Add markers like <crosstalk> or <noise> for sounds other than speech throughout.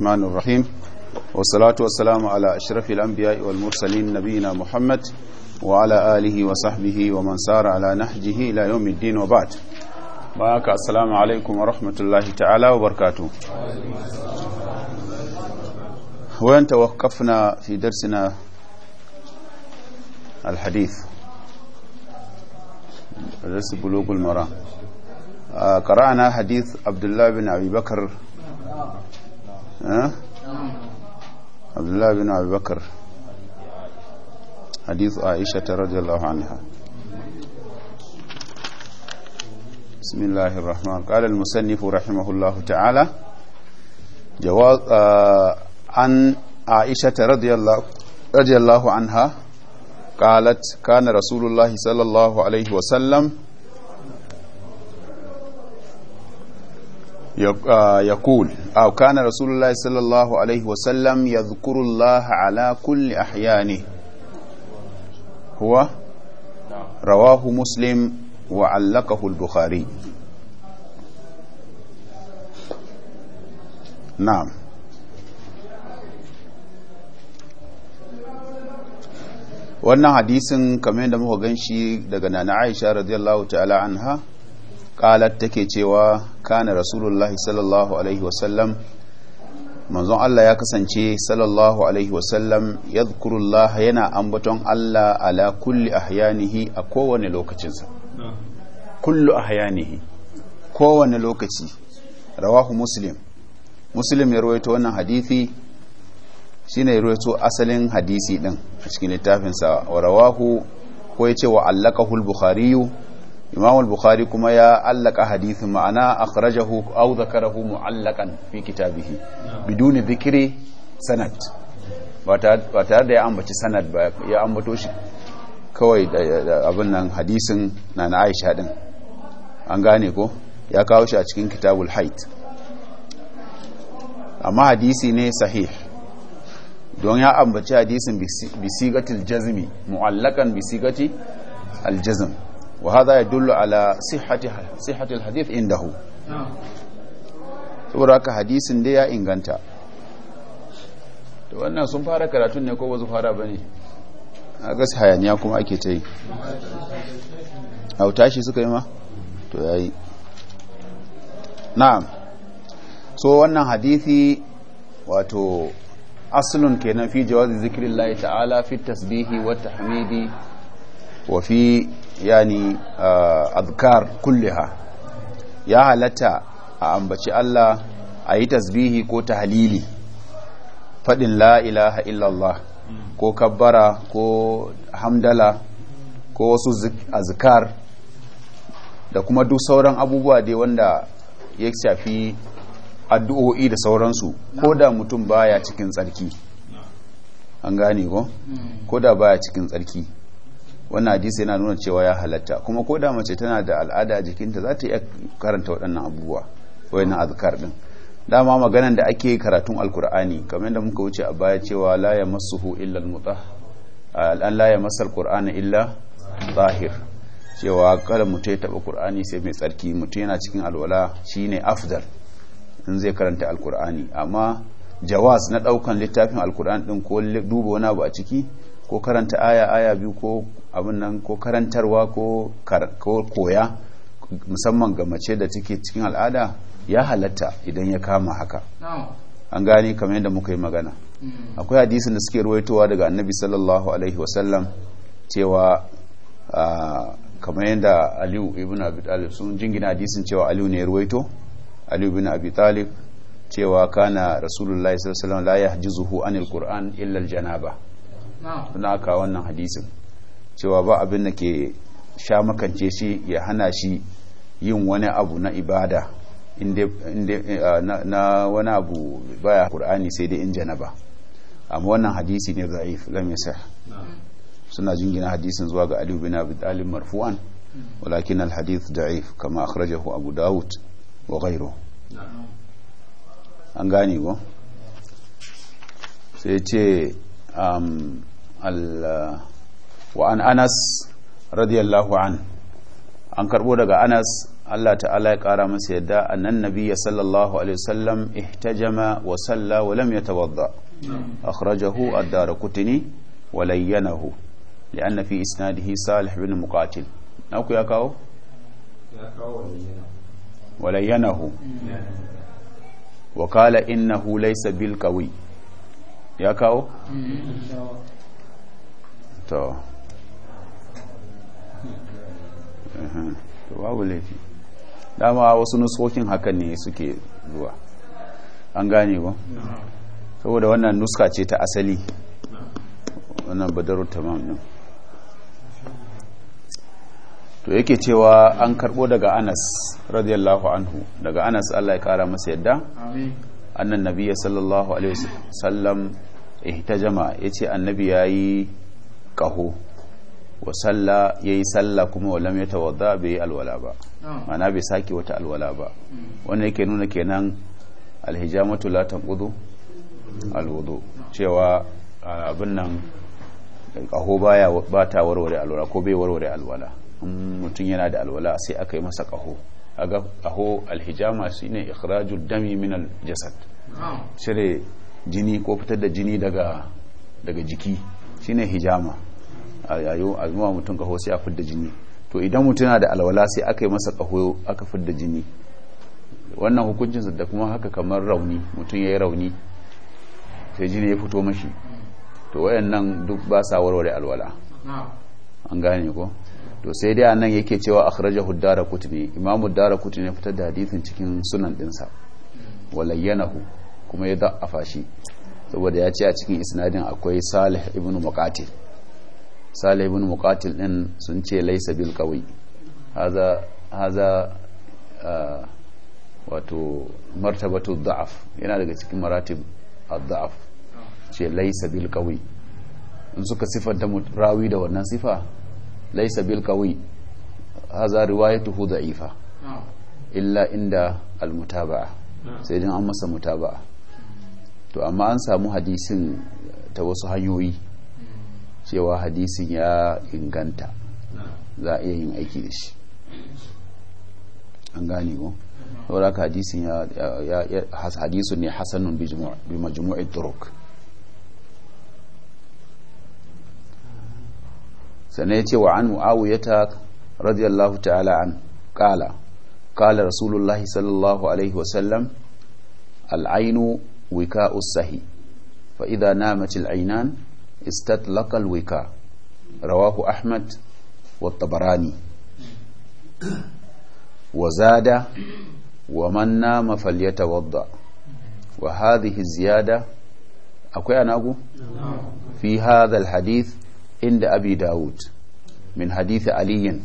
الرحمن الرحيم والصلاة والسلام على أشرف الأنبياء والمرسلين نبينا محمد وعلى آله وصحبه ومن سار على نهجه إلى يوم الدين وبعد بارك السلام عليكم ورحمة الله تعالى وبركاته وين توقفنا في درسنا الحديث درس بلوغ المرأة قرأنا حديث عبد الله بن أبي بكر ها عبد الله بن أبي بكر حديث عائشة رضي الله عنها بسم الله الرحمن قال المصنف رحمه الله تعالى جواز آه عن عائشة رضي الله رضي الله عنها قالت كان رسول الله صلى الله عليه وسلم يقول أو كان رسول الله صلى الله عليه وسلم يذكر الله على كل أحيانه هو رواه مسلم وعلقه البخاري نعم wannan hadisin kamar yadda muka gan shi daga nana aisha radiyallahu ta'ala anha qalat take cewa kana rasulullahi sallallahu alaihi wasallam manzon Allah ya kasance sallallahu alaihi wasallam Allah yana ambaton Allah ala kulli ahyanihi a kowane lokacinsa kullu ahyanihi kowane lokaci rawahu muslim muslim ya rawaito wannan hadithi shi ne rawaito asalin hadisi din a cikin littafinsa wa rawahu ko ce wa allaka hul bukhari imam al-bukhari kuma ya allaka hadith ma'ana akhrajahu aw dhakarahu mu'allaqan fi kitabihi biduni dhikri sanad ba tare da ya ambaci sanad ba ya ambato shi kawai abin nan hadisin na na Aisha din an gane ko ya kawo shi a cikin kitabul hait amma hadisi ne sahih don ya ambaci hadisin bisigatil jazmi mu'allakan bisigati aljazm وهذا يدل على صحة صحة الحديث عنده saboda haka hadisin da ya inganta to wannan sun fara karatun ne ko ba su fara ba ne a gasa hayaniya kuma ake ta yi hauta shi suka yi ma to ya yi na so wannan hadithi wato aslun kenan fi jawazi zikirin ta'ala fi tasbihi wata hamidi wa fi yani uh, azkar kulliha ya halatta a ambaci Allah a yi tasbihi ko tahlili faɗin la ilaha illallah ko kabbara ko hamdala ko wasu azkar da kuma duk sauran abubuwa dai wanda ya shafi addu'o'i da sauransu ko da mutum baya cikin tsarki an gane ko hmm. ko da baya cikin tsarki wannan hadisi yana nuna cewa ya halatta kuma ko da mace tana da al'ada a jikinta za ta iya karanta waɗannan abubuwa wayannan azkar din dama maganan da ake karatun alkur'ani kamar da muka wuce a baya cewa la masuhu illa al la masar illa zahir cewa kada mutum ya taba qur'ani sai mai tsarki mutum yana cikin alwala shine afdal in zai karanta alkur'ani amma jawas na ɗaukan littafin alkur'ani din ko duba wani abu a ciki ko karanta aya aya biyu ko abin nan ko karantarwa ko koya musamman ga mace da take cikin al'ada ya halatta idan ya kama haka an gane kamar yadda muka yi magana mm. akwai hadisin da suke ruwaitowa daga annabi sallallahu alaihi wasallam cewa kamar yadda aliyu ibn abi talib sun jingina hadisin cewa aliyu ne ruwaito aliyu ibn abi talib cewa kana rasulullahi sallallahu alaihi wasallam la yahjizuhu anil qur'an illa janaba na ka wannan hadisin cewa ba abin da ke sha makance shi ya hana shi yin wani abu na ibada eh, na wani abu baya Kur'ani sai dai in jana ba amma wannan hadisi ne za'if lam suna jingina hadisin zuwa ga Ali bin Abi Talib marfu'an walakin al-hadith da'if kama akhrajahu Abu Dawud wa ghayruhu an gane ba. sai ce um, وعن أنس رضي الله عنه an karbo daga anas allah ta'ala ya kara masa yadda annan nabiya sallallahu alaihi wasallam ihtajama wa salla wa lam yatawadda akhrajahu ad kutini wa layyanahu li'anna fi isnadihi salih ibn muqatil naku ya kawo ya kawo wa layyanahu wa qala innahu laysa bil qawi ya kawo mm-hmm. to babu laifi dama wasu nuskokin hakan ne suke zuwa an gane ba saboda wannan nuska ce ta asali wannan badaru tamam din to yake cewa an karbo daga anas radiyallahu anhu daga anas allah ya kara masa yadda annan nabiya sallallahu alaihi wasallam ihtajama yace annabi yayi ƙaho wa salla ya yi salla kuma wa lam ya tawadda bai yi alwala ba mana bai sake wata alwala ba hmm. wanda yake nuna kenan alhijamatu la tanqudu alwudu cewa abin nan ƙaho baya ba ta warware alwala ko bai warware alwala in mutum yana da alwala sai aka yi masa ƙaho aga ƙaho alhijama shine ikhraju dami min aljasad cire jini ko fitar da jini daga jiki shine hijama a zuma mutum kaho sai a fidda jini to idan mutum yana da alwala sai aka yi masa kaho aka fidda jini wannan hukuncin da kuma haka kamar rauni mutum ya yi rauni sai jini ya fito mashi to wayannan duk ba sa warware alwala an gane ko to sai dai anan yake cewa akhraja huddara kutni imamu dara kutni ya fitar da hadisin cikin sunan dinsa walayyanahu kuma ya da'afa shi saboda ya ce a cikin isnadin akwai salih ibnu muqatil salibin mukatil ɗin din sun ce laisa bil haza haza ah, wato martabatu da'af yana daga cikin maratib a daaf ce laisa bil kawai in suka sifanta rawi da wannan sifa laisa bil qawi haza riwayatuhu da'ifa illa inda al-mutaba'a sai dan an masa mutaba'a to amma an samu hadisin ta wasu hanyoyi cewa hadisin ya inganta za a iya yin aiki da shi an gane ko saboda ka hadisin ya hadisu ne hasanun bi majmu'i turuk sannan ya ce wa an ta radiyallahu ta'ala an kala kala rasulullahi sallallahu alaihi wasallam al'ainu wika'us sahi fa idha namat al'ainan استطلق الوكاء رواه أحمد والطبراني وزاد ومن نام فليتوضأ وهذه الزيادة أكو أنا أقول في هذا الحديث عند أبي داود من حديث علي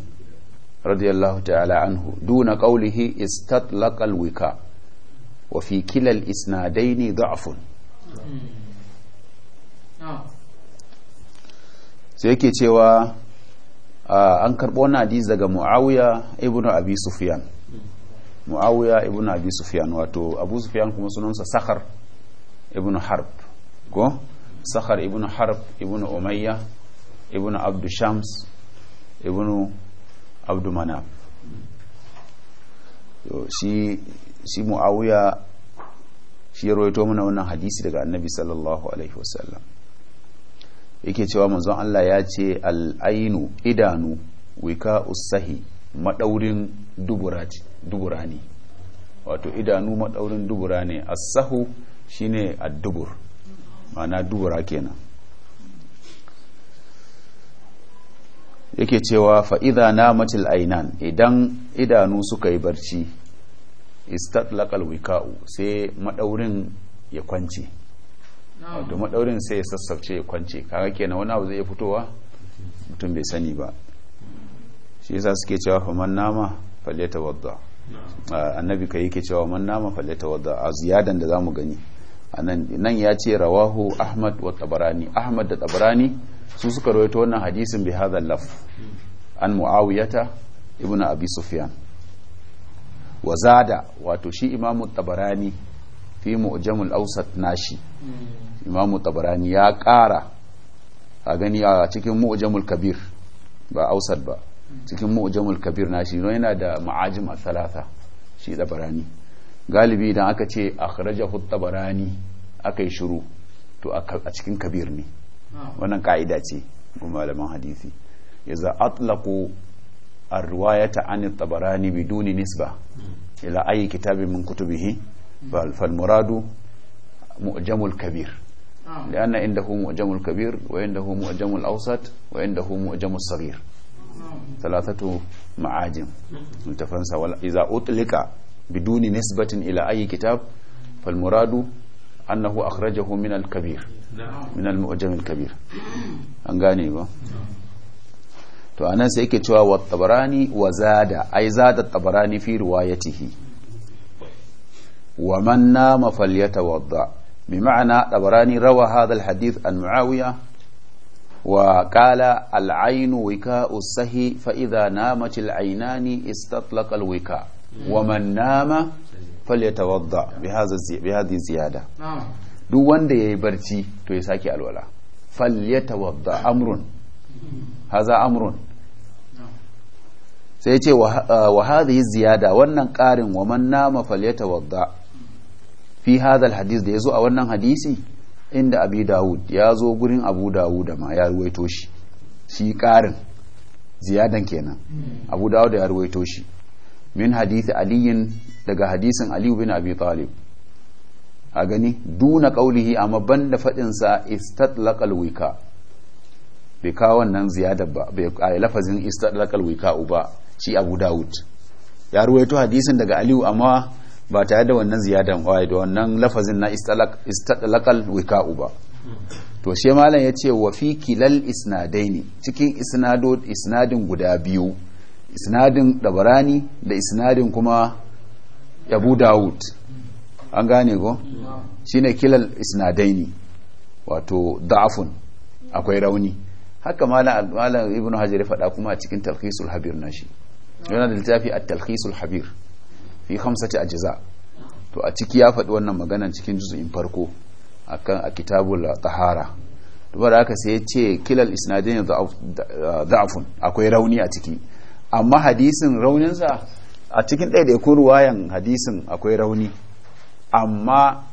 رضي الله تعالى عنه دون قوله استطلق الوكاء وفي كلا الإسنادين ضعف sai yake cewa an karɓo wani hadis daga muawiya ibn abi sufyan muawiya ibn abi sufyan wato abu sufyan kuma sunansa sakhar ibn harb ko sakhar ibn harb ibn umayya ibn abdu shams ibn abdu manaf shi shi muawiya shi ya rawaito mana wannan hadisi daga annabi sallallahu alaihi wasallam yake cewa manzon Allah ya ce al'ainu idanu wika usahi maɗaurin dubura ne wato idanu maɗaurin dubura ne asahu shine addubur mana dubura kenan yake cewa fa'iza na matil ainan idan idanu suka yi barci istatlaqal wika'u sai maɗaurin ya kwance wato maɗaurin sai ya sassauce ya kwance kaga kenan wani abu zai iya fitowa mutum bai sani ba shi yasa suke cewa fa man nama falyata wadda ah, annabi kai yake cewa man nama falyata wadda a ziyadan da zamu gani nan ya ce rawahu ahmad wa tabarani ahmad da tabarani su suka rawaito wannan hadisin bi hadha laf an muawiyata ibnu abi sufyan wa zada wato shi imamu tabarani fi mu'jamul awsat nashi imamu tabarani ya ƙara a gani a cikin mu'jamul kabir ba awsat ba cikin mu'jamul kabir nashi no yana da ma'ajim a salasa shi tabarani galibi idan aka ce hu tabarani aka yi shiru to a cikin kabir ne wannan ka'ida ce ga malaman hadisi yaza atlaqu ar-riwayata an tabarani biduni nisba ila ayi kitabin min kutubihi فالمراد مؤجم الكبير آه. لأن عنده مؤجم الكبير وعنده مؤجم الأوسط وعنده مؤجم الصغير آه. ثلاثة معاجم متفنسة إذا أطلق بدون نسبة إلى أي كتاب فالمراد أنه أخرجه من الكبير نعم. من المؤجم الكبير أنغاني با تو أنا سيكي والطبراني وزاد أي زاد الطبراني في روايته ومن نام فليتوضأ بمعنى طبراني روى هذا الحديث عن معاوية وقال العين وكاء السهي فإذا نامت العينان استطلق الوكاء ومن نام فليتوضأ بهذا بهذه الزيادة duk wanda ya yi barci to ya sake alwala falyatawadda amrun haza amrun sai ce wa hadhihi ziyada wannan karin wa man nama falyatawadda fi hadal hadis da ya zo a wannan hadisi inda abi dawud ya zo gurin abu dawud da ma ya ruwaito shi shi karin ziyadan kenan abu dawud ya ruwaito shi min hadisi aliyin daga hadisin aliyu bin abi talib a gani duna kaulihi amma da faɗinsa istatlaqal wika bai kawo wannan ziyada ba a lafazin istatlaqal wika uba shi abu dawud ya ruwaito hadisin daga aliyu amma ba tare da wannan ziyadan waye da wannan lafazin na istadlaqal wika'u ba to shi malam ya wa fi kilal ne cikin isnado isnadin guda biyu isnadin dabarani da isnadin kuma Abu Dawud an gane ko ne kilal ne wato da'afun akwai rauni haka malam ibnu hajar ya faɗa kuma a cikin talkhisul habir nashi yana da littafi a talkhisul habir fi hamsati jiza to a ciki ya faɗi wannan maganan cikin juz'in farko kan a kitabul tahara da aka sai ya ce kilal isnadin da'afun akwai rauni a ciki amma hadisin rauninsa a cikin ɗaiɗaikun ruwayan hadisin akwai rauni amma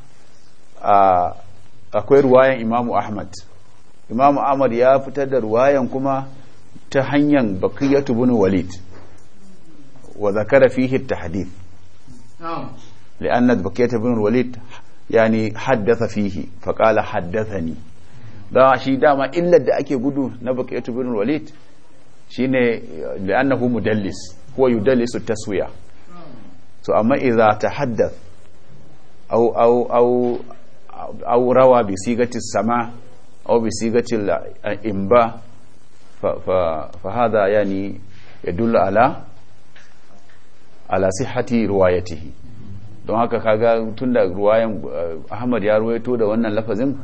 akwai ruwayan imamu ahmad imamu ahmad ya fitar da ruwayan kuma ta hanyar bakiyatu bin walid wa zakara fihi tahdith لأن بكيت بن الوليد يعني حدث فيه فقال حدثني da shi dama illar da ake gudu na bakaitu bin walid shine li'annahu mudallis huwa yudallisu taswiya to amma idza tahaddath aw aw rawa bi sama aw bi imba fa fa hada yani yadullu ala ala sihhati riwayatihi don haka kaga tunda ruwayan eh, Ahmad ya ruwaito da wannan lafazin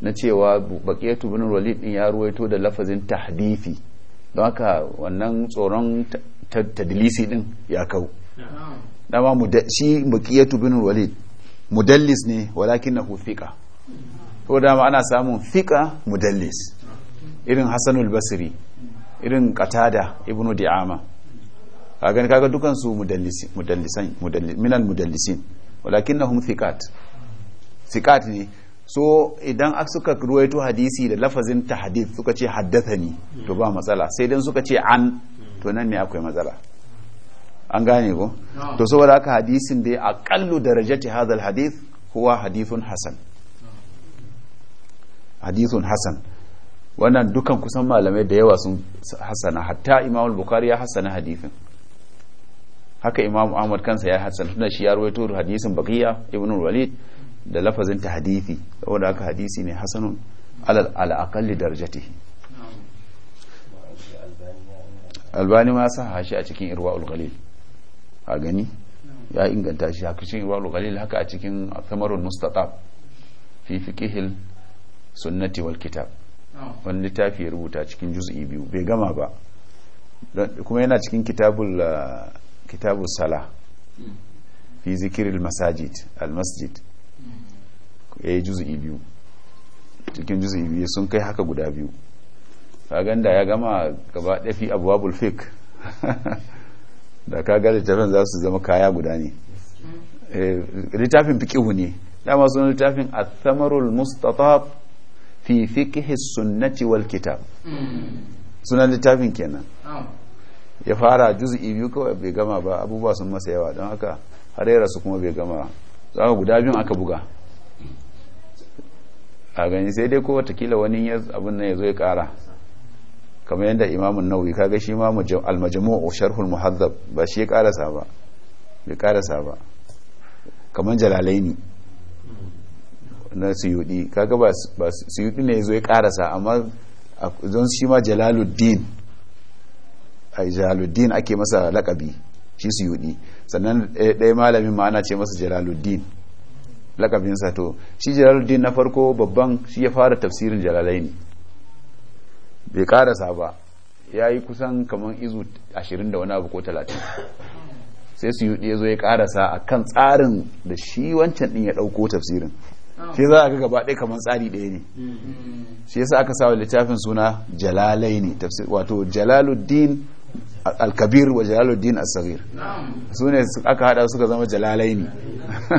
na cewa baqiyatu bin walid din ya ruwaito da lafazin tahdifi don haka wannan tsoron tadlisi din ya kau dama shi baqiyatu bin walid mudallis ne walakinahu thiqa to dama ana samun thiqa mudallis irin hasanul basri irin qatada ibn di'ama gani kaga dukan su mudallisin mudallisan minal mudallisin walakinnahum thiqat thiqat ne so idan suka ruwaito hadisi da lafazin tahdith suka ce haddathani to ba matsala sai dan suka ce an to nan ne akwai matsala an gane ko to saboda haka hadisin da ya aqallu darajati hadal hadith huwa hadithun hasan hadithun hasan wannan dukan kusan malamai da yawa sun hasana hatta imamul bukari bukhari ya hasana hadithin haka imam ahmad kansa ya hassan tunan shi ya rawaito hadisin baqiya ibn walid da lafazin ta hadisi saboda aka hadisi ne hasanun alal alaqalli darajatihi albani ma sa hashi a cikin irwa ulgalil a gani ya inganta shi haka cikin irwa ulgalil haka a cikin thamarul mustatab fi kihil sunnati wal kitab wani littafi ya rubuta cikin juz'i biyu bai gama ba kuma yana cikin kitabul kitabu sala fi zikirin masajid almasjid ya yi juzu'i biyu cikin juzu'i biyu sun kai haka guda biyu kaganda ya gama gaba ɗafi abuwa fik <laughs> da kaga littafin za su zama kaya guda ne eh, littafin fikihu ne dama sun littafin athamarul mustatab fi fikihi sunnati wal kitab hmm. sunan littafin kenan ya fara juz'i biyu kawai bai gama ba abubuwa sun masa yawa don haka har ya rasu kuma bai gama za ka guda biyun aka buga a gani sai dai ko watakila wani abin nan ya zo ya kara kamar yadda imamun nauyi kaga shi ma almajamu sharhul muhazzab ba shi ya karasa ba bai karasa ba kamar jalalaini na suyudi kaga ba suyudi ne ya zo ya karasa amma don shi ma jalaluddin jalaluddin ake masa lakabi shi su yudi sannan eh, ɗaya malamin ma ana ce masa jalaluddin lakabinsa to shi jalaluddin na farko babban shi ya fara tafsirin ne. bai karasa ba ya yi kusan kamar izu ashirin da wani abu ko talatin sai su yi ya zo ya karasa a kan tsarin da shi wancan ɗin ya ɗauko tafsirin shi za a ga gaba ɗaya kamar tsari ɗaya ne mm-hmm. shi yasa aka sawa littafin suna jalalai ne wato jalaluddin alkabir wa jalaluddin asagir su ne aka hada suka zama jalalaini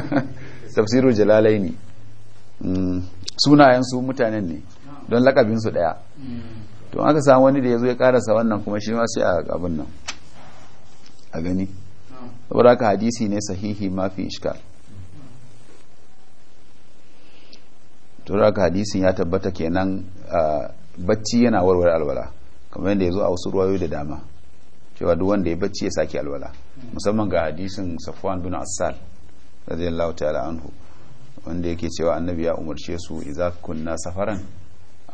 <laughs> tafsiru jalalaini mm. sunayensu mutanen ne don lakabinsu daya to aka samu wani da ya zo ya karasa wannan kuma shi ma sai a abin nan a gani saboda haka hadisi ne sahihi mafi iskal tura aka hadisin ya tabbata kenan bacci yana warware alwala kamar yadda ya zo a wasu ruwayo da dama cewa duk wanda ya bacci ya sake alwala musamman ga hadisin safwan bin asal radiyallahu ta'ala anhu wanda yake cewa annabi ya umarce su idza kunna safaran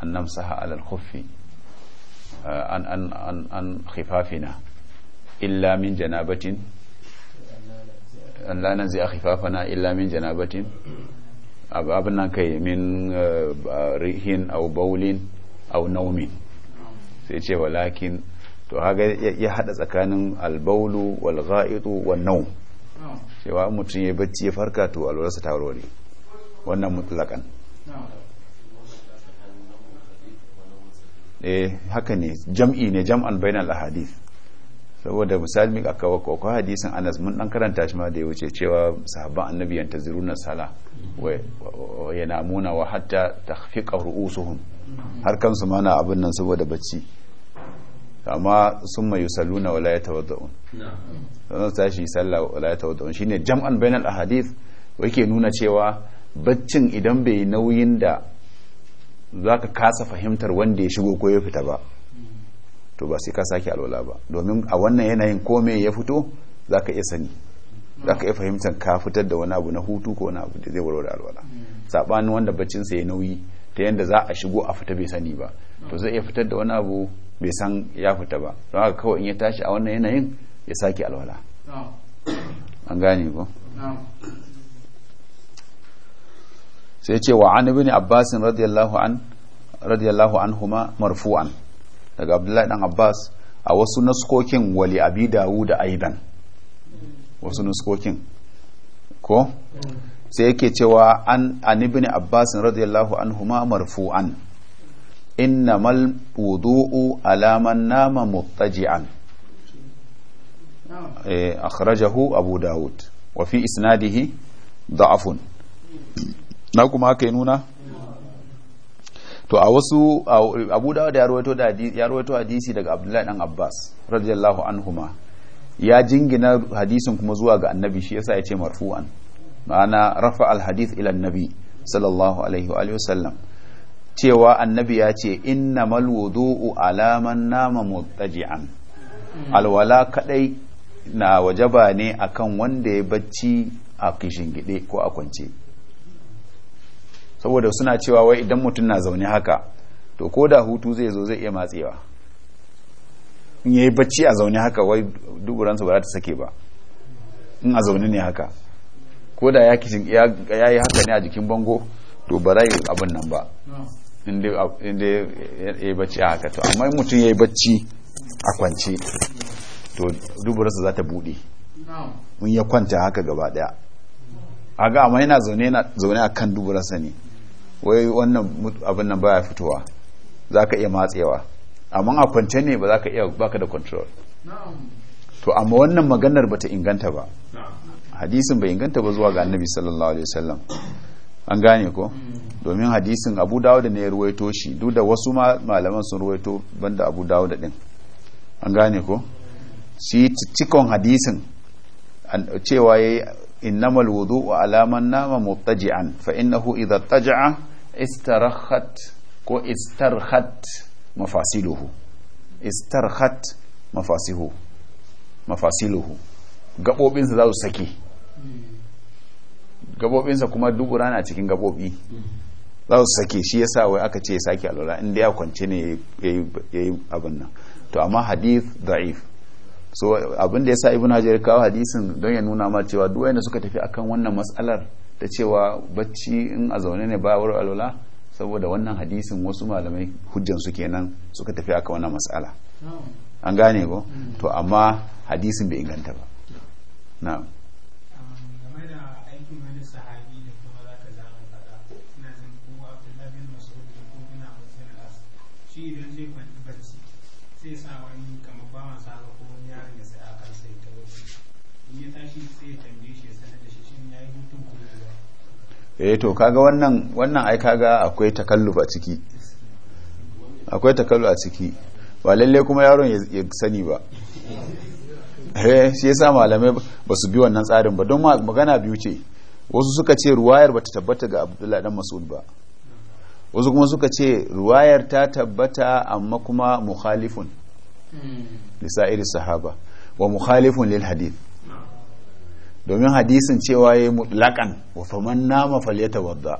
an namsaha ala al-khuffi ah, an an an an khifafina illa min janabatin an la nanzi khifafana illa min janabatin abin nan kai min ah, rihin au baulin au naumin sai ce walakin to haga ya hada tsakanin albaulu wal gha'itu wan nau cewa mutum ya bacci ya farka to alwarsa ta warware wannan mutlakan eh haka ne jam'i ne jam'an bainal ahadith saboda misali a kawo ko hadisin Anas mun dan karanta shi ma da ya wuce cewa sahabban annabi yantaziruna sala wa muna wa hatta takhfiqa ru'usuhum mm-hmm. har kansu ma na abin nan saboda bacci amma sun mai yusalluna wala ya tawadda'un sannan su shi sallah wala ya tawadda'un shine jam'an bainal ahadith yake nuna cewa baccin idan bai yi nauyin da za ka kasa fahimtar wanda ya shigo ko ya fita ba to ba sai ka sake alwala ba domin a wannan yanayin kome ya fito za ka iya sani za ka iya fahimtar ka fitar da wani abu na hutu ko wani abu da zai warware alwala saɓanin wanda baccinsa ya nauyi ta yanda za a shigo a fita bai sani ba to zai iya fitar da wani abu bai san ya fita ba don haka kawai in ya tashi a wannan yanayin ya sake alwala an gane ko sai ce wa an ibn abbas radiyallahu an radiyallahu anhuma marfu'an daga abdullahi dan abbas a wasu naskokin wali abi dawud da aidan wasu naskokin ko mm. sai yake cewa an an ibn abbas radiyallahu anhuma marfu'an innamal wudu'u alaman nama muttaji'an akhrajahu abu dawud wa fi isnadihi da'afun na kuma haka nuna to a wasu abu daud ya rawaito hadisi daga abdullahi dan abbas radiyallahu anhuma ya jingina hadisin kuma zuwa ga annabi shi yasa ya ce marfu'an ma'ana rafa al hadith ila annabi sallallahu alaihi wa sallam cewa annabi ya ce inna wudu'u alaman nama mutaji'an hmm. alwala kadai na wajaba ne akan wanda ya bacci a gide ko a kwance saboda suna cewa wai idan mutum na zaune haka to ko da hutu zai zo zai iya matsewa in yayi bacci a zaune haka wai duburansa ba za ta sake ba in a zaune ne haka ko da ya yi haka ne a jikin bango to ba za yi abin nan ba hmm. inda ya yi bacci a haka to amma yi mutum ya yi bacci a kwance to duburarsa za ta buɗe in ya kwanta haka gaba ɗaya a ga amma yana zaune a kan duburarsa ne wai wannan abin nan baya fitowa za ka iya matsewa amma a kwance ne ba za ka iya baka da control to amma wannan maganar bata inganta ba hadisin bai inganta ba zuwa ga annabi sallallahu alaihi wasallam an gane ko hmm. domin hadisin abu dawuda ne ya ruwaito shi duk da wasu malaman sun ruwaito banda abu dawuda din an gane ko shi cikon hadisin cewa yayi innamal wa alaman nama muttaji'an fa innahu idha taja'a istarhat ko istarhat mafasiluhu istarhat mafasihu mafasiluhu gabobinsa za su saki gabobinsa kuma dubura na cikin gabobi za su sake shi sa wai aka ce ya sake alwala in ya kwance ne ya yi abin nan to amma hadith da'if so abin da sa ibn hajar kawo hadisin don ya nuna ma cewa duk wanda suka tafi akan wannan matsalar ta cewa bacci in a zaune ne ba wurin alwala saboda wannan hadisin wasu malamai hujjan su kenan suka tafi akan wannan matsala an gane ko mm. to amma hadisin bai inganta ba na'am e eh to kaga wannan wannan ai kaga akwai takalluf a ciki akwai takallu a ciki ba lalle kuma yaron ya sani ba eh shi yasa malamai ba su bi wannan tsarin ba don magana biyu ce wasu suka ce ruwayar ba ta tabbata ga Abdullahi dan Mas'ud ba wasu kuma suka ce ruwayar ta tabbata amma kuma mukhalifun hmm. lisa'ir sahaba wa mukhalifun lil hadith domin hadisin cewa ya yi mutlaƙan wa faman nama falyata wadda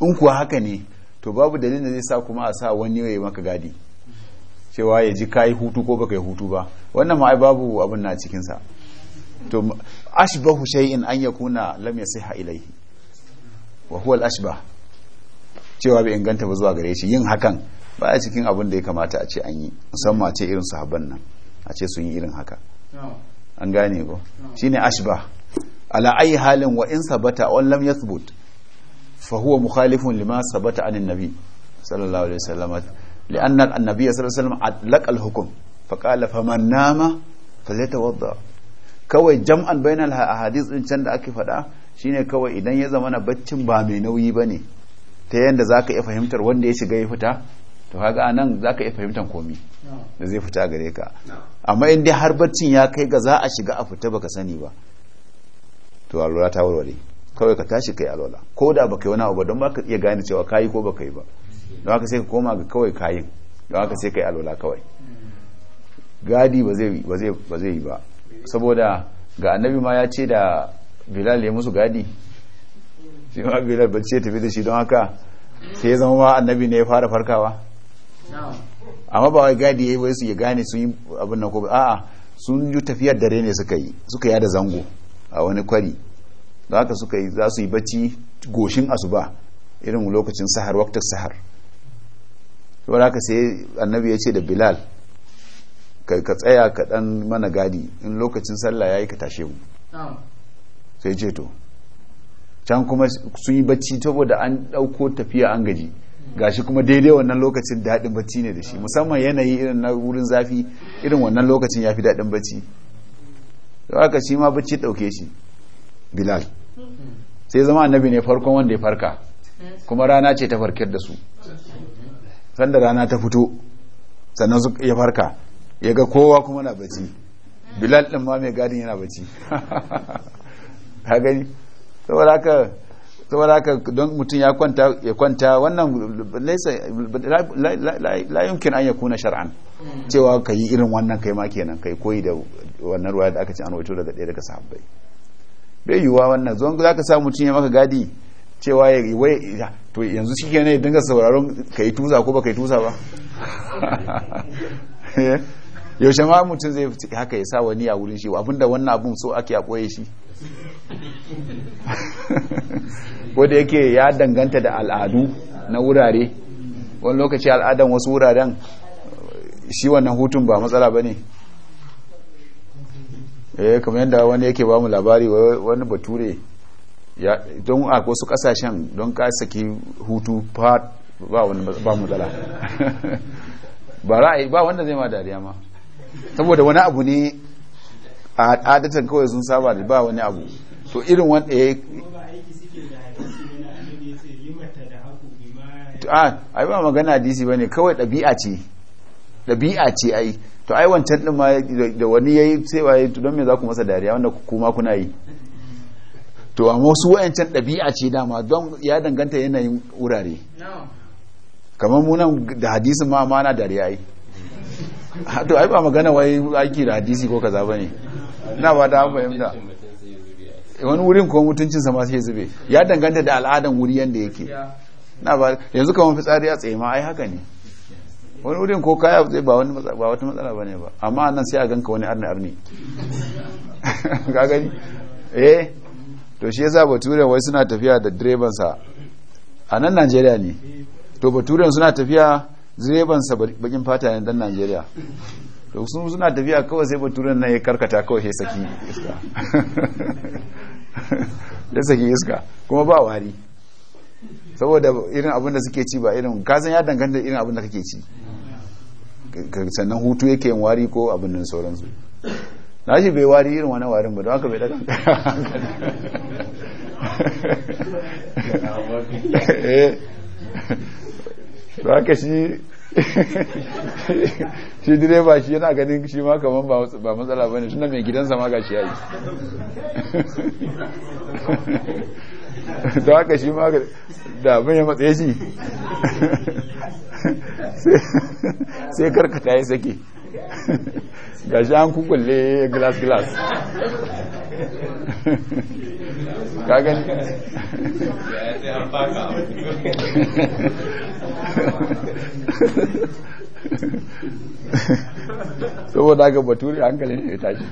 in kuwa haka ne to babu dalilin da zai sa kuma a sa wani ya yi maka gadi cewa ya ji kayi hutu ko baka yi hutu ba wannan ma babu abin na cikinsa to ashbahu shay'in an yakuna lam yasiha ilayhi wa huwa al-ashbah cewa bai inganta ba zuwa gare shi yin hakan ba a cikin abin da ya kamata a ce an yi musamman a ce irin sahabban nan a ce sun yi irin haka an gane ko shine ashba ala ayi halin wa in sabata wa lam yathbut fa huwa mukhalifun lima sabata anin nabi sallallahu alaihi wasallam لأن النبي صلى الله عليه وسلم علق الحكم فقال فمن نام فليتوضا kawai jam'an bainal ahadith din can da ake faɗa shine kawai idan ya zama na baccin ba mai nauyi bane ta yadda za ka iya fahimtar wanda ya shiga ya fita to kaga a nan za ka iya fahimtar komi da zai fita gare ka amma in dai har barcin ya kai ga za a shiga a fita baka sani ba to alwala ta warware kawai ka tashi kai alwala ko da baka yi wani abu don ba ka iya gane cewa kayi ko baka yi ba don haka sai ka koma ga kawai kayin don haka sai kai alwala kawai gadi ba zai yi ba saboda ga annabi ma ya ce da bilal ya musu gadi shi ma bilal bacci ya tafi da shi don haka sai ya zama ma annabi ne ya fara farkawa amma ba wai gadi yayi wai su ya gane sun yi abin nan ko a'a sun yi tafiyar dare ne suka yi suka yada zango a wani kwari don haka suka yi za su yi bacci goshin asuba irin lokacin sahar waktar sahar saboda haka sai annabi ya ce da bilal ka tsaya ka dan mana gadi in lokacin sallah yayi ka tashe mu sai ce to can kuma sun yi bacci saboda an dauko tafiya an gaji gashi kuma daidai wannan lokacin daɗin bacci ne da shi musamman yanayi irin na wurin zafi irin wannan lokacin ya fi daɗin bacci da haka shi ma bacci ɗauke shi bilal sai zama annabi ne farkon wanda ya farka kuma rana ce ta farkar da su sanda rana ta fito sannan ya farka ya ga kowa kuma na bacci bilal ɗin ma mai gadin yana bacci <laughs> ka gani saboda haka saboda haka don mutum ya kwanta ya kwanta wannan laysa la yumkin an yakuna shar'an hmm. cewa ka yi irin wannan kai ma kenan kai koyi da wannan ruwa da aka ce an wato daga ɗaya daga sahabbai bai yiwuwa wannan zon za ka sa mutum ya maka gadi cewa ya wai to yanzu shi ne dinga sauraron ka yi tuza ko ba ka yi tuza ba <laughs> eh? yaushe ma mutum zai haka ya sa wani a wurin shi abinda wannan abun so ake a koye shi <laughs> wadda yake ya danganta da al'adu na wurare wani lokaci al'adan wasu wuraren shi wannan hutun ba matsala ba ne eh kamar yadda wani yake ba mu labari wani bature don a wasu kasashen don ka saki hutu ba wani matsala <laughs> ba ra'ayi ba wanda zai ma dariya ma saboda wani abu ne a adatan kawai sun saba da ba wani abu to irin wanda ya yi ah, ba magana hadisi ne kawai ɗabi'a ce ɗabi'a ce ai to ai wancan ɗin ma da wani ya yi sai waye to don me za ku masa dariya wanda kuma kuna yi to amma masu wayancan ɗabi'a ce dama don ya danganta yanayin wurare kamar munan da hadisin ma mana dariya yi to ai ba magana wai aiki da hadisi ko kaza bane ina ba ta fahimta eh, wani wurin ko mutuncin sa ma sai zube ya danganta da al'adan wuri yanda yake na ba yanzu kaman fitsari a tsaye ma ai haka ne wani wurin ko kaya zai ba wani ba wata matsala bane ba amma nan sai a ganka wani arni arni <laughs> ka gani eh to shi yasa bature wai suna tafiya da direbansa. a nan Najeriya ne to baturen suna tafiya direbansa bakin fata ne dan najeriya to sun suna tafiya kawai sai baturen nan ya karkata kawai sai saki iska <laughs> ya saki iska kuma ba wari saboda irin abin da suke ci ba irin kasan ya danganta irin abin da kake ci sannan hutu yake yin wari ko abin nan sauransu na shi bai wari irin wani warin ba don haka bai daga <laughs> to ka shi shi direba shi yana ganin shi ma kaman ba matsala ba ne suna mai gidansa ma shi yayi to haka shi ma da abin ya matsaye shi sai karkata ya sake ga shi an kukulle glass glass kagan saboda ga baturi hankali ne ya tashi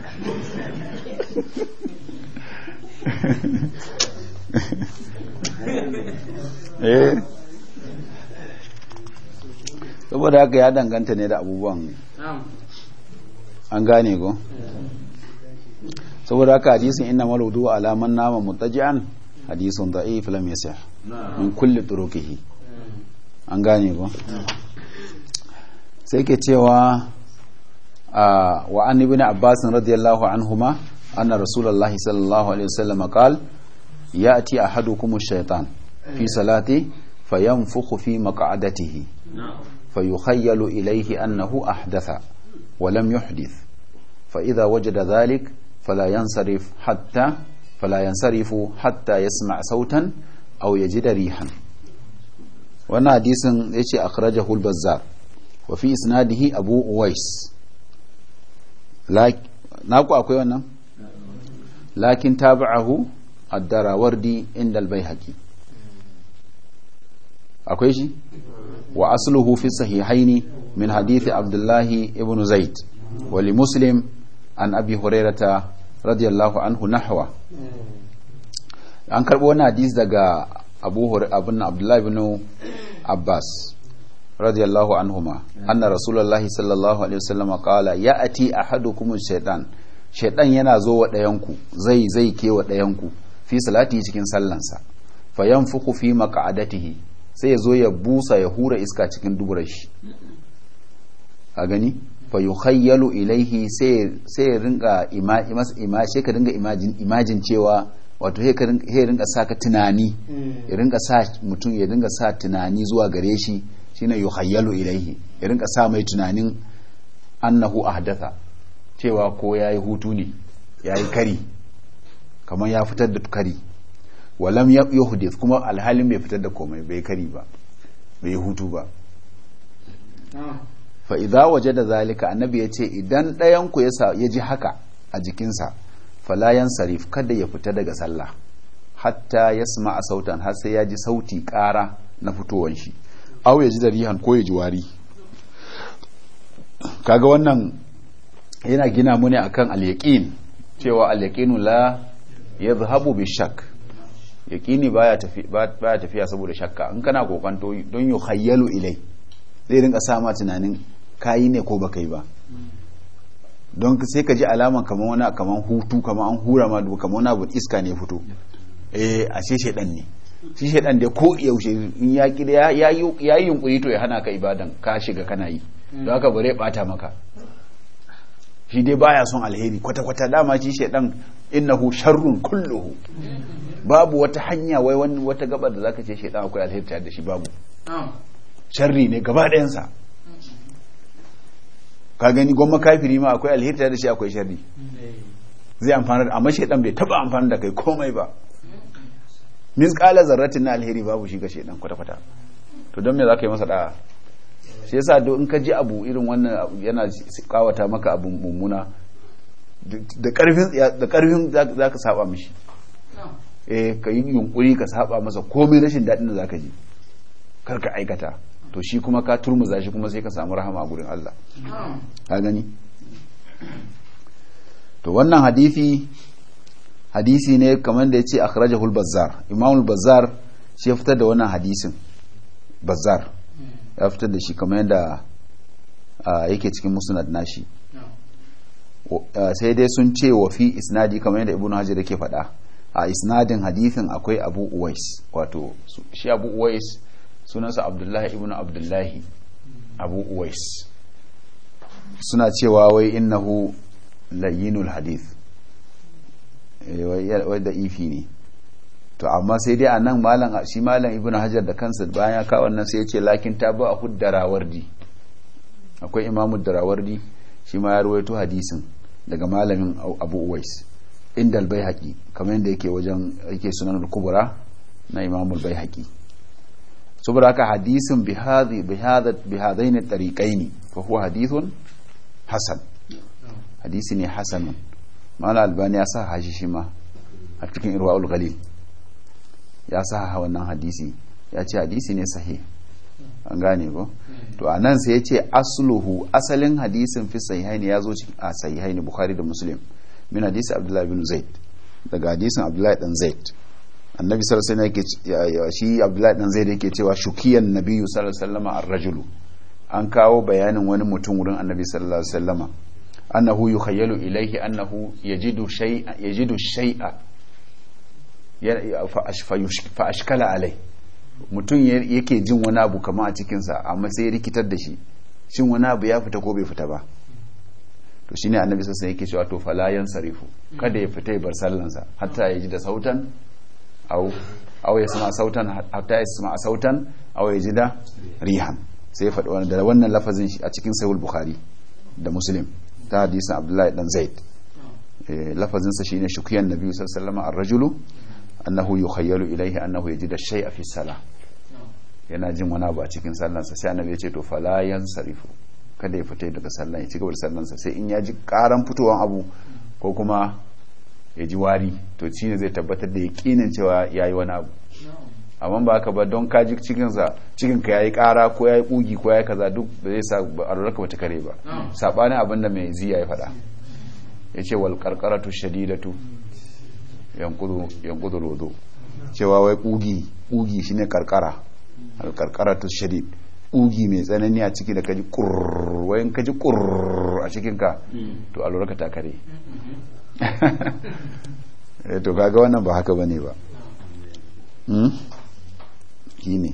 eh saboda haka ya danganta ne da abubuwan an gane go saboda haka hadisin inna maludu alaman nama mutaji'an hadisun da'if lam yasih min kulle turuqihi an gane go sai ke cewa wa an ibn abbas radiyallahu anhuma anna rasulullahi sallallahu alaihi wasallam qala ya'ti ahadukum ash-shaytan fi salati fayanfukhu fi maq'adatihi fayukhayyalu ilayhi annahu ahdatha wa lam yuhdith fa waje da dhalik fala hatta fala yansarifu hatta yasma' sautan aw yajida rihan wannan hadisin yace akhrajahu al-bazzar wa fi isnadihi abu uwais naku akwai wannan lakin tabi'ahu ad-darawardi inda al-baihaqi akwai shi wa asluhu fi sahihaini min hadithi abdullahi ibn zaid wa li muslim an abi hurairata radiyallahu anhu nahwa an karbo wani hadis daga abu abin abdullahi bin abbas radiyallahu anhu ma anna rasulullahi sallallahu alaihi wasallam qala ya'ati ahadukum shaytan shaytan yana zo wa dayanku zai zai ke wa dayanku fi salati cikin sallansa fayanfuku fi maq'adatihi sai ya zo ya busa ya hura iska cikin duburar shi a gani fa yukhayyalu ilaihi sai sai rinka ima sai ka rinka imagine imagine cewa wato sai ka rinka sa ka tunani mm. ya rinka sa mutum ya rinka sa tunani zuwa gare shi shine yukhayyalu ilaihi ya rinka sa mai tunanin annahu ahdatha cewa ko yayi hutu ne yayi kari kamar ya fitar da kari walam ya yuhdith kuma alhalin bai fitar da komai bai kari ba bai hutu ba ah. fa idza wajada zalika annabi ya ce idan ɗayan ku ya ji haka a jikinsa fala sarif kada ya fita daga sallah hatta yasma sautan har sai ya ji sauti kara na fitowan shi aw ya ji darihan ko ya ji wari kaga wannan yana gina mu ne akan al-yaqin cewa al-yaqinu la yadhhabu bi shakk yaqini baya tafi baya tafiya saboda shakka in kana kokanto don yukhayyalu ilai zai rinka sama tunanin ka yi ne ko baka yi ba don sai ka ji alaman kamar wani kamar hutu kamar an hura ma dubu kamar wani iska ne fito eh ashe shedan ne shi shedan da ko yaushe in ya kida ya yi yunkuri to ya hana ka ibadan ka shiga kana yi hmm. don haka bare bata maka shi dai baya son alheri kwata kwata dama shi shedan innahu sharrun kulluhu babu wata hanya wai wani wata gaba da zaka ce shedan akwai alheri tare da shi babu sharri ne gaba ɗayansa ka gani gwamma kafiri ma akwai alheri da shi akwai sharri zai amfana da amma shaidan bai taba amfana da kai komai ba min kala zarratin na alheri babu shi ga shaidan kwata kwata to don me ka yi masa da'a shi yasa do in ka ji abu irin wannan yana kawata maka abu mummuna da karfin da karfin saba mishi eh, ka yi yunkuri ka saba masa komai rashin dadin da zaka ji kar ka aikata to shi kuma ka turmuza shi kuma sai ka samu rahama a gurin Allah ka gani to wannan hadisi hadisi ne kamar da ya ce bazzar imamul bazzar shi ya fitar da wannan hadisin bazzar ya fitar da shi kamar yadda yake cikin musnad nashi sai dai sun ce wa fi isnadi kamar yadda ibnu hajar yake faɗa a isnadin hadisin akwai abu uwais wato shi abu uwais sunansa abdullahi ibn abdullahi abu uwais suna cewa wai innahu layyinul hadith eh, wai da ifi ne to amma sai dai a nan malam shi malam ibn hajar da kansa bayan ya kawo wannan sai ya ce lakin ta ba a huddarawardi akwai imamu darawardi shi ma ya ruwaito hadisin daga malamin abu uwais indal albai haƙi kamar yadda yake wajen yake sunan kubura na imamul bai haƙi saboda haka hadisin bi ne bi hadha bi hadaini tariqaini fa huwa hadithun hasan hadisi ne hasanun ma'ana albani ya sa hashi shi ma a cikin irwa ghalil ya sa wannan hadisi ya ce hadisi ne sahi an gane ba to a nan sai ya ce asluhu asalin hadisin fi sahihaini ya zo a sahihaini bukari da muslim min hadisi abdullahi bin zaid daga hadisin abdullahi dan zaid annabi sallallahu alaihi wasallam yake shi abdullahi dan zaid yake cewa shukiyan nabi sallallahu alaihi wasallam ar-rajulu an kawo bayanin wani mutum wurin annabi sallallahu alaihi wasallam annahu yukhayyalu ilayhi annahu yajidu shay'a yajidu shay'a fa ashkala alai mutum yake jin wani abu kama a cikinsa amma sai rikitar da shi shin wani abu ya fita ko bai fita ba to shine annabi sassan yake cewa to fala sarifu kada ya fita ya bar sallansa hatta ya ji da sautan au au ya sama sautan hatta ya sama sautan au ya jida rihan sai ya faɗi da wannan lafazin a cikin sahih bukhari da muslim ta hadisin abdullahi dan zaid eh, lafazin sa shine shukiyan nabi sallallahu alaihi annahu yukhayyalu ilayhi annahu yajida shay'a fi salah yana jin wani abu a cikin sa sai annabi ya ce to fala yansarifu kada ya fita daga sallan ya ci gaba da sallansa sai in ya ji karan fitowan abu ko kuma ya ji wari to shi ne zai tabbatar da ya kinin cewa ya yi wani abu amma ba ka ba don kaji cikinsa cikinka ya yi kara ko ya yi ƙugi ko ya yi kaza duk ba zai sa alurarka ba ta kare ba saɓanin abin da mai zi ya yi faɗa ya ce wal ƙarƙaratu shadidatu yankudu rodo cewa wai ƙugi ƙugi ne ƙarƙara al tu shadid ƙugi mai tsanani a ciki da kaji ƙurr wayan kaji ƙurr a cikinka to alurarka ta kare Eh, to kaga wannan ba haka bane ba hmm? shine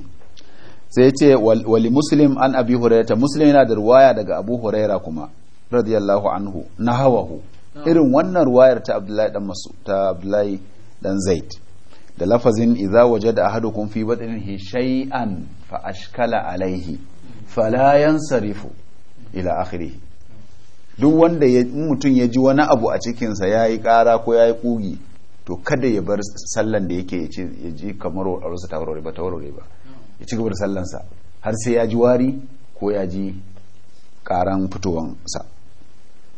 sai ce wali muslim an abi hurairata muslim yana da ruwaya daga abu huraira kuma radiyallahu anhu na hawahu irin wannan ruwayar ta abdullahi dan masu ta abdullahi dan zaid da lafazin idza wajada ahadukum fi hi shay'an fa ashkala alaihi fala yansarifu ila akhirihi duk wanda mutum ya ji wani abu a cikinsa ya yi ƙara ko ya yi ƙugi to kada ya bar sallan da yake ya ji kamar aurarsa ta ba ta ba ya ci gaba da sallansa har sai ya ji wari ko ya ji ƙaran fitowansa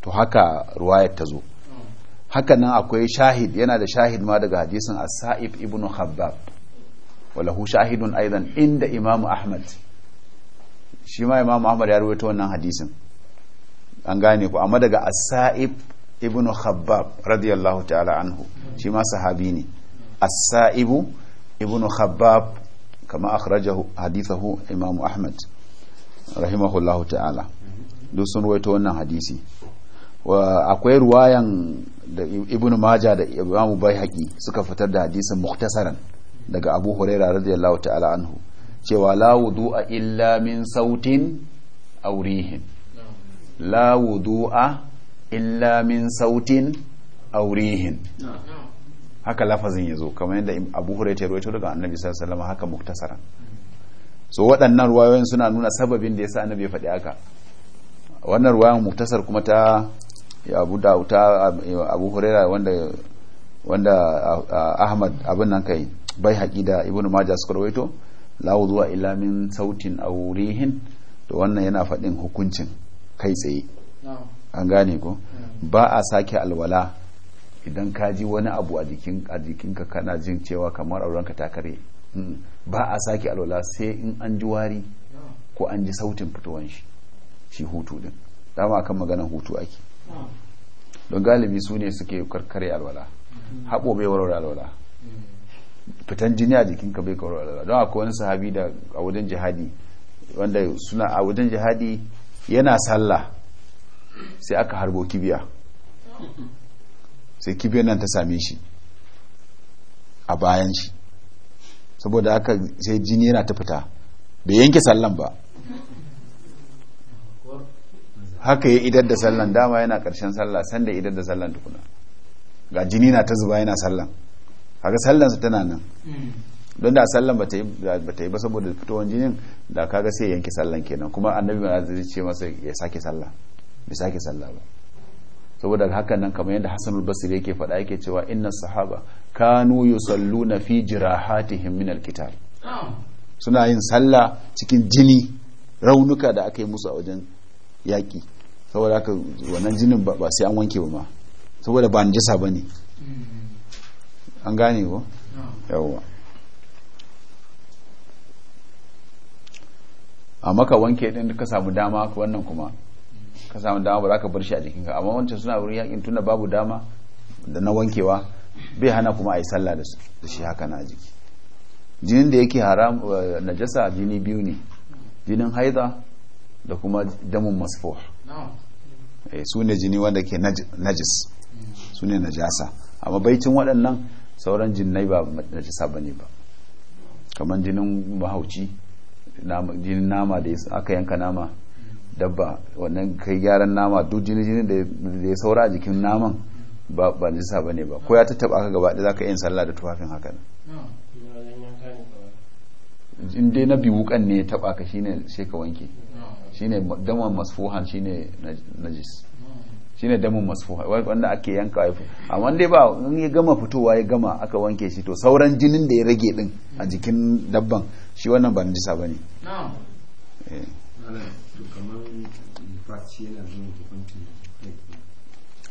to haka ruwayar ta zo haka nan akwai shahid yana da shahid ma daga hadisin as-sa'ib ibnu wala walahu shahidun aidan inda imamu ahmad shi ma imamu ahmad ya rawaito wannan hadisin an gane ku amma daga asa'ib ibn khabbab radiyallahu ta'ala anhu shi ma sahabi ne asa'ibu ibn khabbab kama akhrajahu hadithahu imam ahmad rahimahullahu ta'ala duk sun ruwaito wannan hadisi akwai ruwayan da ibn maja da imam baihaqi suka fitar da hadisin muktasaran daga abu huraira radiyallahu ta'ala anhu cewa la wudu'a illa min sautin aurihin la wudu'a illa min sautin aurihin haka lafazin ya zo kamar yadda abu huraita ruwaito daga annabi sallallahu haka muktasaran so waɗannan ruwayoyin suna nuna sababin da yasa annabi ya faɗi haka wannan ruwayan muktasar kuma ta abu da ta abu huraira wanda wanda ahmad abin nan kai bai haƙi da ibnu majah suka ruwaito la wudu'a illa min sautin aurihin to wannan yana faɗin hukuncin kai tsaye an gane ko hmm. ba a sake alwala idan ka ji wani abu a jikinka kana jin cewa kamar aurenka ta kare hmm. ba a sake alwala sai in an ji wari ko an ji sautin fitowar shi shi hutu din dama kan maganar hutu ake don galibi su ne suke karkare alwala hmm. haɓo bai warware alwala fitan jini a jikinka bai kawar alwala don akwai wani sahabi da a wajen jihadi wanda suna a wajen jihadi yana sallah sai aka harbo kibiya sai kibiyar nan ta same shi a bayan shi saboda aka sai jini yana ta fita bai yanke sallan ba haka ya idar da sallan dama yana karshen sallah sanda idar da sallan tukuna ga jini na ta zuba yana sallan haka sallansa tana nan don da sallan ba ta yi ba saboda fitowar jinin da kaga sai yanke sallan kenan kuma annabi ba zai ce masa ya sake sallah bai sake sallah ba saboda haka nan kamar yadda Hassan al yake faɗa yake cewa inna sahaba kanu na fi jirahatihim min al suna yin salla cikin jini raunuka da aka yi musu a wajen yaƙi saboda haka wannan jinin ba sai an wanke ba ma saboda ba ba ne an gane ko yawwa a maka wanke din ka samu dama wannan kuma ka samu dama ba za ka bar shi a jikinka amma wancan suna wurin yakin tunda babu dama da na wankewa bai hana kuma a yi sallah da shi haka na jiki jinin da yake haram eh, najasa jini biyu ne jinin haida da kuma damun masfuh eh, su ne jini wanda ke najis su ne najasa amma baicin waɗannan sauran jinnai ba najasa ba ne ba kamar jinin mahauci jinin nama da aka yanka nama dabba wannan kai gyaran nama duk jini jini da ya saura a jikin naman ba ba zisa ba ne ba ko ya tattaba aka gaba ɗaya zaka yin sallah da tufafin haka in dai na biyu wukan ne ya taba ka shine sai ka wanke shine daman masfuhan shine najis shine damun masfuha wanda ake yanka ya amma dai ba in ya gama fitowa ya gama aka wanke shi to sauran jinin da ya rage din a jikin dabban shi wannan ba nijisa ba na'am eh.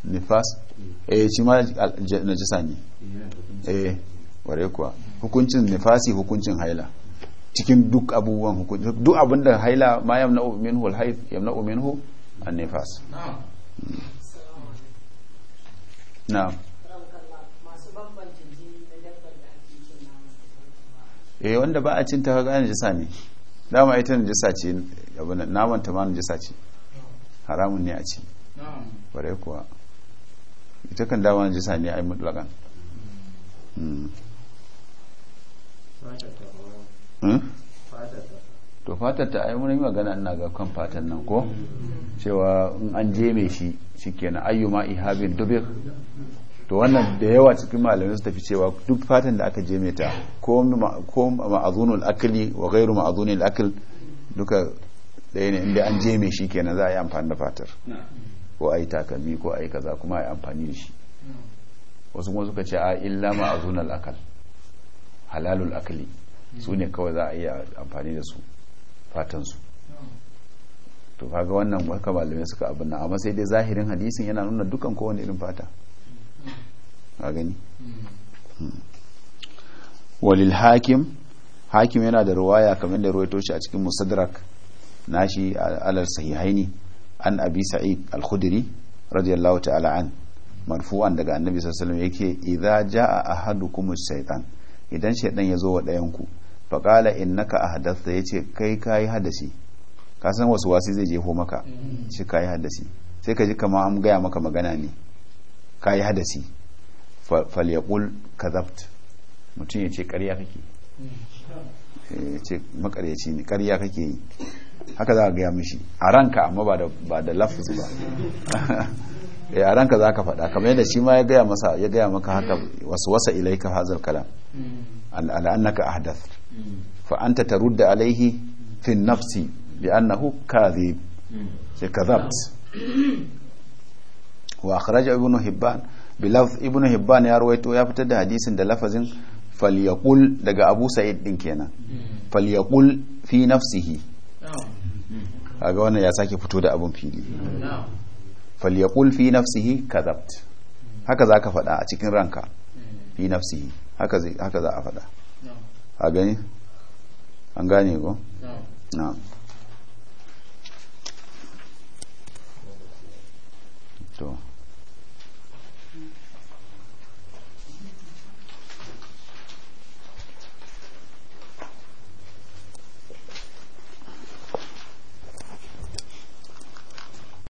nifas eh. eh shi ma najisa ne eh, eh ware kuwa hukuncin nifasi hukuncin haila cikin duk abubuwan hukunci duk abinda haila ma yamna minhu al-hayd yamna minhu an-nifas na'am mm. na eh wanda ba a cin ta kaga najisa ne dama ita najisa ce abin naman ta ma najisa ce haramun ne a ci bare kuwa ita kan dama najisa ne ai mutlakan mm to fatar ta ai mun yi magana ina ga kan fatan nan ko cewa in an jeme shi shikenan ayyuma ihabin dubir to wannan da yawa cikin malamai su tafi cewa duk fatan da aka jeme ta ko ma'azunul akli wa ghairu ma'azunul akl duka ɗaya ne inda an jeme shi kenan za a yi amfani da fatar ko a takalmi ko a kaza kuma a yi amfani da shi wasu kuma suka ce a illa ma'azunul akal halalul akli sune kawai za a yi amfani da su fatansu to kaga wannan haka malamai suka abin nan amma sai dai zahirin hadisin yana nuna dukan kowane irin fata ka gani hmm. walil hakim hakim yana da ruwaya kamar da ruwaito shi a cikin musadrak nashi alal sahihaini an abi sa'id al-khudri radiyallahu ta'ala an marfu'an daga annabi sallallahu alaihi wasallam yake idza jaa ahadukum ash-shaytan idan shaytan yazo wa dayan ku faƙala innaka ya ce kai yi hadasi ka san wasu wasi zai jefo maka shi yi hadashi, sai ka ji kama an gaya maka magana ne ka yi hadashi. falyaqul kadhabt mutum ya ce ƙarya kake eh, ya ce makaryaci ne ƙarya kake yi haka za ka gaya mishi a ranka amma ba da lafis ba <laughs> eh, a ranka za ka faɗa kamar yadda shi ma ya gaya maka haka wasu wasa ilaika hazal kalam al'annaka ahdath fa anta tarudda alaihi fi nafsi li'annahu kadhib sai kadhabt wa akhraja ibnu hibban bilaf ibnu hibban ya rawaito ya fitar da hadisin da lafazin falyaqul daga abu sa'id din kenan falyaqul fi nafsihi ga wannan ya sake fito da abun fili falyaqul fi nafsihi kadhabt haka za ka faɗa a cikin ranka fi nafsihi haka za a faɗa a gani an gane ko to